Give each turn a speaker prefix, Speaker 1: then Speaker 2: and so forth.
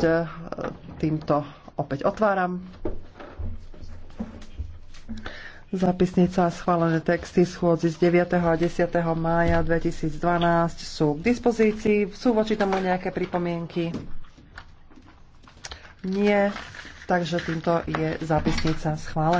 Speaker 1: E, týmto opäť otváram. Zapisnica a schválené texty schôdzi z 9. a 10. mája 2012 sú k dispozícii. Sú voči tomu nejaké pripomienky? Nie. Takže týmto je zápisnica schválená.